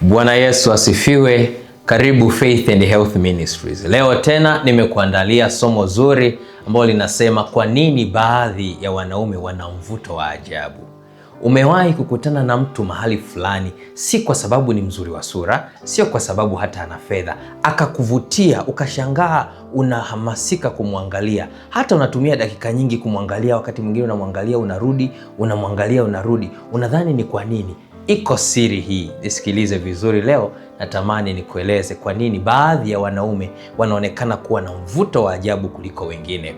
Bwana Yesu asifiwe. Karibu Faith and Health Ministries. Leo tena nimekuandalia somo zuri ambalo linasema kwa nini baadhi ya wanaume wana mvuto wa ajabu. Umewahi kukutana na mtu mahali fulani, si kwa sababu ni mzuri wa sura, sio kwa sababu hata ana fedha, akakuvutia ukashangaa, unahamasika kumwangalia, hata unatumia dakika nyingi kumwangalia, wakati mwingine unamwangalia, unarudi, unamwangalia, unarudi. Unadhani ni kwa nini? Iko siri hii, nisikilize vizuri. Leo natamani nikueleze kwa nini baadhi ya wanaume wanaonekana kuwa na mvuto wa ajabu kuliko wengine.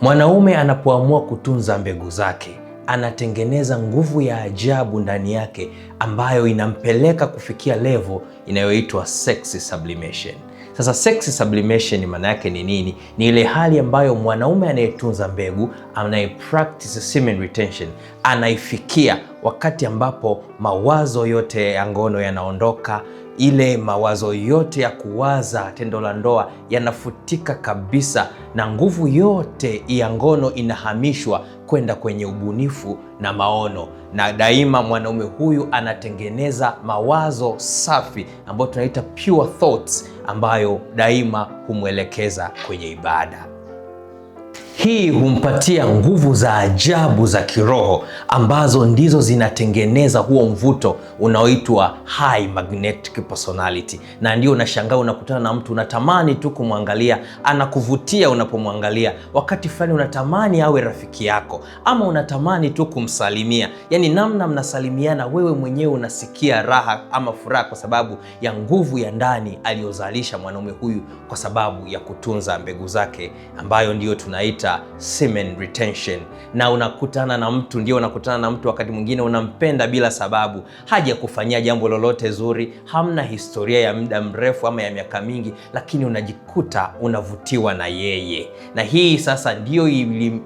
Mwanaume anapoamua kutunza mbegu zake, anatengeneza nguvu ya ajabu ndani yake ambayo inampeleka kufikia levo inayoitwa sexy sublimation. Sasa sex sublimation maana yake ni nini? Ni ile hali ambayo mwanaume anayetunza mbegu, anaye practice semen retention, anaifikia wakati ambapo mawazo yote ya ngono yanaondoka ile mawazo yote ya kuwaza tendo la ndoa yanafutika kabisa, na nguvu yote ya ngono inahamishwa kwenda kwenye ubunifu na maono, na daima mwanaume huyu anatengeneza mawazo safi ambayo tunaita pure thoughts, ambayo daima humwelekeza kwenye ibada. Hii humpatia nguvu za ajabu za kiroho ambazo ndizo zinatengeneza huo mvuto unaoitwa high magnetic personality, na ndio unashangaa unakutana na mtu unatamani tu kumwangalia, anakuvutia unapomwangalia. Wakati fulani unatamani awe rafiki yako, ama unatamani tu kumsalimia, yani namna mnasalimiana, wewe mwenyewe unasikia raha ama furaha, kwa sababu ya nguvu ya ndani aliyozalisha mwanaume huyu, kwa sababu ya kutunza mbegu zake ambayo ndiyo tunaita semen retention, na unakutana na mtu ndio unakutana na mtu, wakati mwingine unampenda bila sababu, haja kufanyia jambo lolote zuri, hamna historia ya muda mrefu ama ya miaka mingi, lakini unajikuta unavutiwa na yeye, na hii sasa ndiyo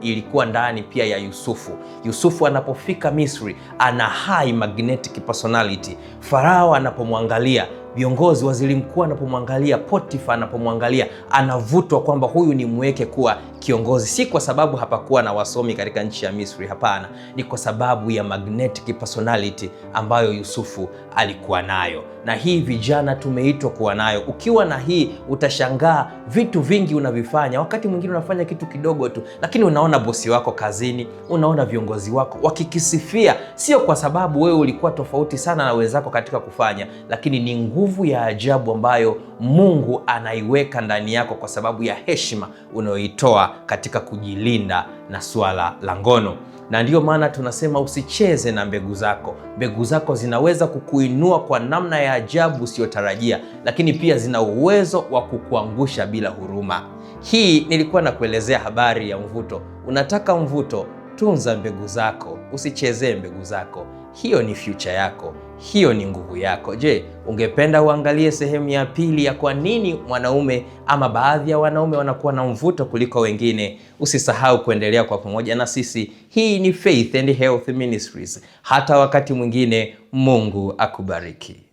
ilikuwa ndani pia ya Yusufu. Yusufu anapofika Misri ana high magnetic personality. Farao anapomwangalia viongozi, waziri mkuu anapomwangalia, Potifa anapomwangalia, anavutwa kwamba huyu ni mweke kuwa kiongozi, si kwa sababu hapakuwa na wasomi katika nchi ya Misri. Hapana, ni kwa sababu ya magnetic personality ambayo Yusufu alikuwa nayo, na hii vijana tumeitwa kuwa nayo. Ukiwa na hii utashangaa vitu vingi unavifanya. Wakati mwingine unafanya kitu kidogo tu, lakini unaona bosi wako kazini, unaona viongozi wako wakikisifia, sio kwa sababu wewe ulikuwa tofauti sana na wenzako katika kufanya, lakini ni nguvu ya ajabu ambayo Mungu anaiweka ndani yako kwa sababu ya heshima unayoitoa katika kujilinda na suala la ngono. Na ndiyo maana tunasema usicheze na mbegu zako. Mbegu zako zinaweza kukuinua kwa namna ya ajabu usiyotarajia, lakini pia zina uwezo wa kukuangusha bila huruma. Hii nilikuwa nakuelezea habari ya mvuto. Unataka mvuto tunza mbegu zako, usichezee mbegu zako. Hiyo ni future yako, hiyo ni nguvu yako. Je, ungependa uangalie sehemu ya pili ya kwa nini mwanaume ama baadhi ya wanaume wanakuwa na mvuto kuliko wengine? Usisahau kuendelea kwa pamoja na sisi. Hii ni Faith and Health Ministries. Hata wakati mwingine, Mungu akubariki.